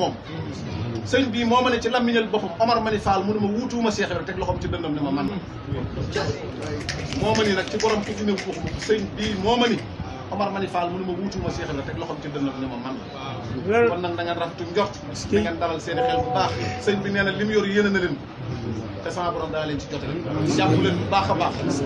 moom sëñ bii moo ma ne ci làmmiñal boppam Omar Mani Fall mu ne ma wuutuwuma Seex Ibra teg loxoom ci dëndam ne moo ma ni nag ci borom ku ci moo ma ni Omar Mani Fall mu ma wuutuwuma Seex Ibra teg loxoom ci dëndam ne ma man kon nag da ngeen rafetu njort da ngeen dalal seen i xel bu baax sëñ bi nee na li mu yor yéene a leen te sama borom daa leen ci jote jàpp leen bu baax a baax